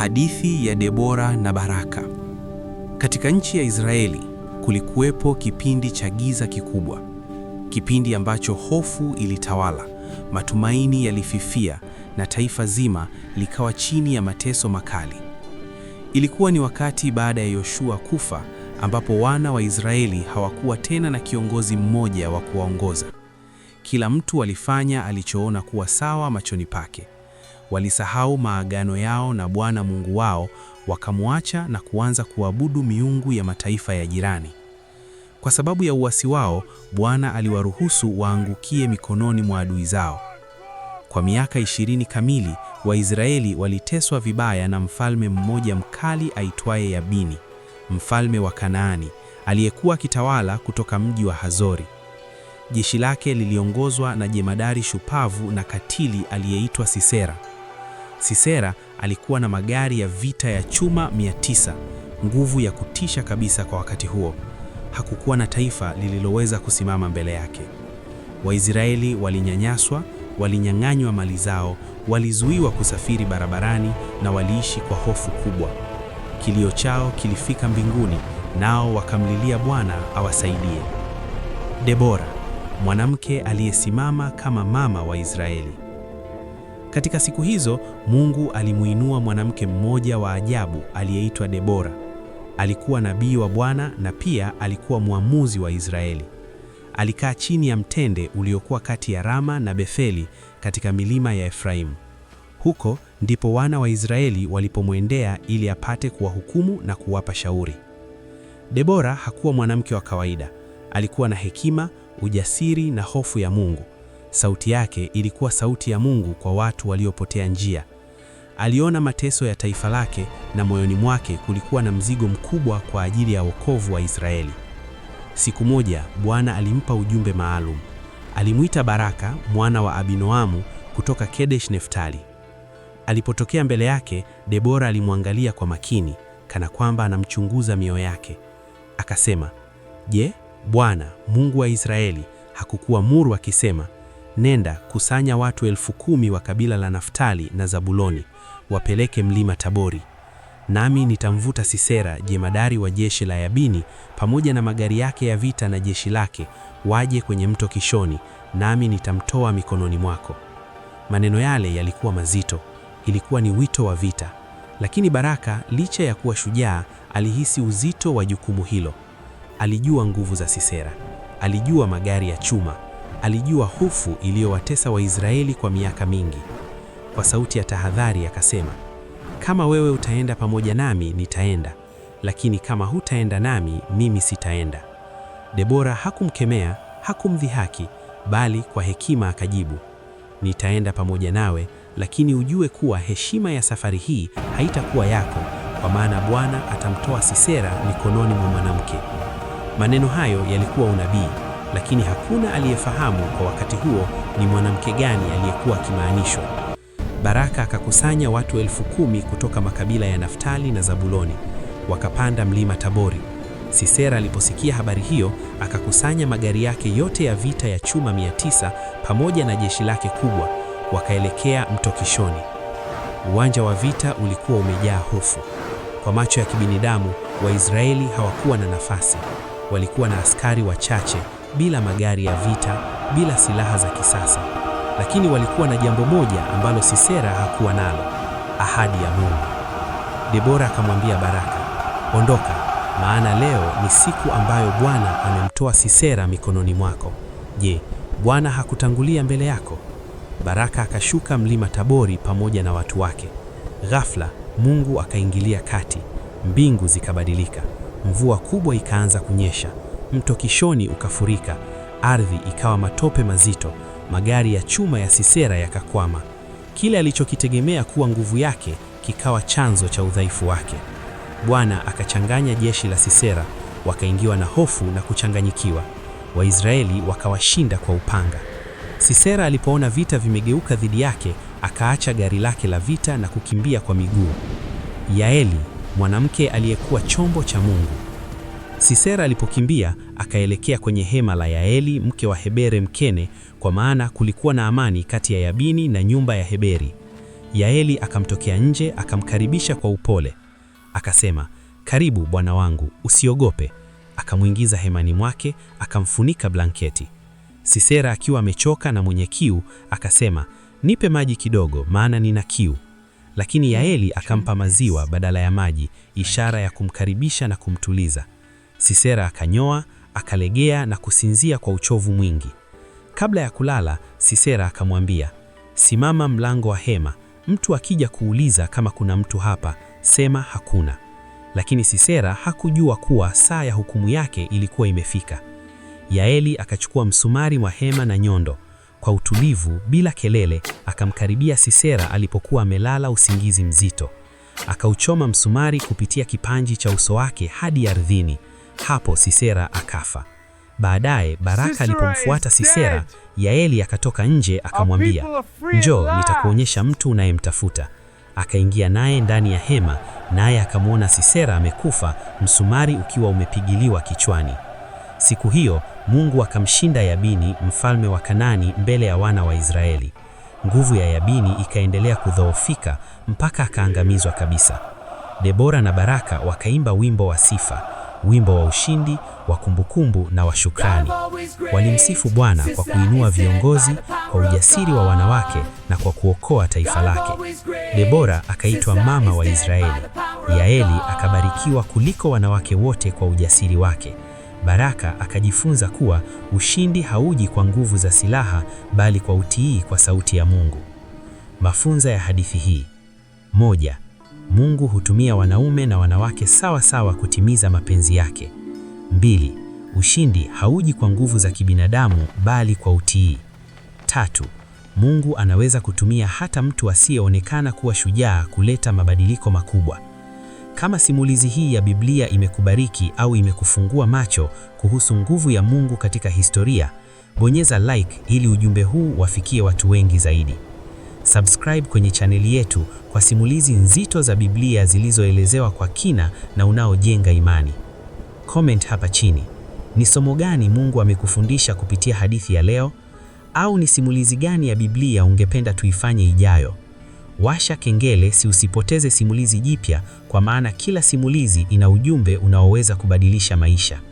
Hadithi ya Debora na Baraka. Katika nchi ya Israeli kulikuwepo kipindi cha giza kikubwa, kipindi ambacho hofu ilitawala, matumaini yalififia na taifa zima likawa chini ya mateso makali. Ilikuwa ni wakati baada ya Yoshua kufa ambapo wana wa Israeli hawakuwa tena na kiongozi mmoja wa kuwaongoza. Kila mtu alifanya alichoona kuwa sawa machoni pake. Walisahau maagano yao na Bwana Mungu wao, wakamwacha na kuanza kuabudu miungu ya mataifa ya jirani. Kwa sababu ya uasi wao, Bwana aliwaruhusu waangukie mikononi mwa adui zao. Kwa miaka ishirini kamili, Waisraeli waliteswa vibaya na mfalme mmoja mkali aitwaye Yabini, mfalme wa Kanaani, aliyekuwa akitawala kutoka mji wa Hazori. Jeshi lake liliongozwa na jemadari shupavu na katili aliyeitwa Sisera. Sisera alikuwa na magari ya vita ya chuma 900, nguvu ya kutisha kabisa kwa wakati huo. Hakukuwa na taifa lililoweza kusimama mbele yake. Waisraeli walinyanyaswa, walinyang'anywa mali zao, walizuiwa kusafiri barabarani na waliishi kwa hofu kubwa. Kilio chao kilifika mbinguni, nao wakamlilia Bwana awasaidie. Debora, mwanamke aliyesimama kama mama wa Israeli. Katika siku hizo, Mungu alimuinua mwanamke mmoja wa ajabu aliyeitwa Debora. Alikuwa nabii wa Bwana na pia alikuwa mwamuzi wa Israeli. Alikaa chini ya mtende uliokuwa kati ya Rama na Betheli katika milima ya Efraimu. Huko ndipo wana wa Israeli walipomwendea ili apate kuwahukumu na kuwapa shauri. Debora hakuwa mwanamke wa kawaida. Alikuwa na hekima, ujasiri na hofu ya Mungu. Sauti yake ilikuwa sauti ya Mungu kwa watu waliopotea njia. Aliona mateso ya taifa lake na moyoni mwake kulikuwa na mzigo mkubwa kwa ajili ya wokovu wa Israeli. Siku moja Bwana alimpa ujumbe maalum. Alimwita Baraka mwana wa Abinoamu kutoka Kedesh Neftali. Alipotokea mbele yake, Debora alimwangalia kwa makini, kana kwamba anamchunguza mioyo yake. Akasema, Je, Bwana Mungu wa Israeli hakukuamuru akisema Nenda kusanya watu elfu kumi wa kabila la Naftali na Zabuloni, wapeleke mlima Tabori. Nami nitamvuta Sisera, jemadari wa jeshi la Yabini, pamoja na magari yake ya vita na jeshi lake, waje kwenye mto Kishoni, nami nitamtoa mikononi mwako. Maneno yale yalikuwa mazito, ilikuwa ni wito wa vita. Lakini Baraka, licha ya kuwa shujaa, alihisi uzito wa jukumu hilo. Alijua nguvu za Sisera, alijua magari ya chuma alijua hofu iliyowatesa Waisraeli kwa miaka mingi. Kwa sauti ya tahadhari akasema, kama wewe utaenda pamoja nami nitaenda, lakini kama hutaenda nami mimi sitaenda. Debora hakumkemea, hakumdhihaki, bali kwa hekima akajibu, nitaenda pamoja nawe, lakini ujue kuwa heshima ya safari hii haitakuwa yako, kwa maana Bwana atamtoa Sisera mikononi mwa mwanamke. Maneno hayo yalikuwa unabii lakini hakuna aliyefahamu kwa wakati huo ni mwanamke gani aliyekuwa akimaanishwa. Baraka akakusanya watu elfu kumi kutoka makabila ya Naftali na Zabuloni, wakapanda mlima Tabori. Sisera aliposikia habari hiyo, akakusanya magari yake yote ya vita ya chuma mia tisa pamoja na jeshi lake kubwa, wakaelekea mto Kishoni. Uwanja wa vita ulikuwa umejaa hofu. Kwa macho ya kibinadamu, Waisraeli hawakuwa na nafasi. Walikuwa na askari wachache bila magari ya vita, bila silaha za kisasa, lakini walikuwa na jambo moja ambalo Sisera hakuwa nalo, ahadi ya Mungu. Debora akamwambia Baraka, ondoka, maana leo ni siku ambayo Bwana amemtoa Sisera mikononi mwako. Je, Bwana hakutangulia mbele yako? Baraka akashuka mlima Tabori pamoja na watu wake. Ghafla Mungu akaingilia kati, mbingu zikabadilika, mvua kubwa ikaanza kunyesha. Mto Kishoni ukafurika, ardhi ikawa matope mazito, magari ya chuma ya Sisera yakakwama. Kile alichokitegemea kuwa nguvu yake kikawa chanzo cha udhaifu wake. Bwana akachanganya jeshi la Sisera, wakaingiwa na hofu na kuchanganyikiwa. Waisraeli wakawashinda kwa upanga. Sisera alipoona vita vimegeuka dhidi yake, akaacha gari lake la vita na kukimbia kwa miguu. Yaeli, mwanamke aliyekuwa chombo cha Mungu Sisera alipokimbia akaelekea kwenye hema la Yaeli mke wa Hebere Mkene, kwa maana kulikuwa na amani kati ya Yabini na nyumba ya Heberi. Yaeli akamtokea nje akamkaribisha kwa upole, akasema, karibu bwana wangu, usiogope. Akamwingiza hemani mwake akamfunika blanketi. Sisera akiwa amechoka na mwenye kiu akasema, nipe maji kidogo, maana nina kiu. Lakini Yaeli akampa maziwa badala ya maji, ishara ya kumkaribisha na kumtuliza. Sisera akanyoa, akalegea na kusinzia kwa uchovu mwingi. Kabla ya kulala, Sisera akamwambia, simama mlango wa hema, mtu akija kuuliza kama kuna mtu hapa, sema hakuna. Lakini Sisera hakujua kuwa saa ya hukumu yake ilikuwa imefika. Yaeli akachukua msumari wa hema na nyondo. Kwa utulivu, bila kelele, akamkaribia Sisera alipokuwa amelala usingizi mzito. Akauchoma msumari kupitia kipanji cha uso wake hadi ardhini. Hapo Sisera akafa. Baadaye Baraka alipomfuata Sisera, Yaeli akatoka nje akamwambia, njoo nitakuonyesha mtu unayemtafuta. Akaingia naye ndani ya hema, naye akamwona Sisera amekufa, msumari ukiwa umepigiliwa kichwani. Siku hiyo Mungu akamshinda Yabini mfalme wa Kanaani mbele ya wana wa Israeli. Nguvu ya Yabini ikaendelea kudhoofika mpaka akaangamizwa kabisa. Debora na Baraka wakaimba wimbo wa sifa wimbo wa ushindi wa kumbukumbu na wa shukrani. Walimsifu Bwana kwa kuinua viongozi, kwa ujasiri wa wanawake na kwa kuokoa taifa lake. Debora akaitwa mama wa Israeli. Yaeli akabarikiwa kuliko wanawake wote kwa ujasiri wake. Baraka akajifunza kuwa ushindi hauji kwa nguvu za silaha bali kwa utii kwa sauti ya Mungu. Mafunzo ya hadithi hii: moja. Mungu hutumia wanaume na wanawake sawa sawa kutimiza mapenzi yake. Mbili, ushindi hauji kwa nguvu za kibinadamu bali kwa utii. Tatu, Mungu anaweza kutumia hata mtu asiyeonekana kuwa shujaa kuleta mabadiliko makubwa. Kama simulizi hii ya Biblia imekubariki au imekufungua macho kuhusu nguvu ya Mungu katika historia, bonyeza like ili ujumbe huu wafikie watu wengi zaidi. Subscribe kwenye chaneli yetu kwa simulizi nzito za Biblia zilizoelezewa kwa kina na unaojenga imani. Comment hapa chini. Ni somo gani Mungu amekufundisha kupitia hadithi ya leo? Au ni simulizi gani ya Biblia ungependa tuifanye ijayo? Washa kengele si usipoteze simulizi jipya kwa maana kila simulizi ina ujumbe unaoweza kubadilisha maisha.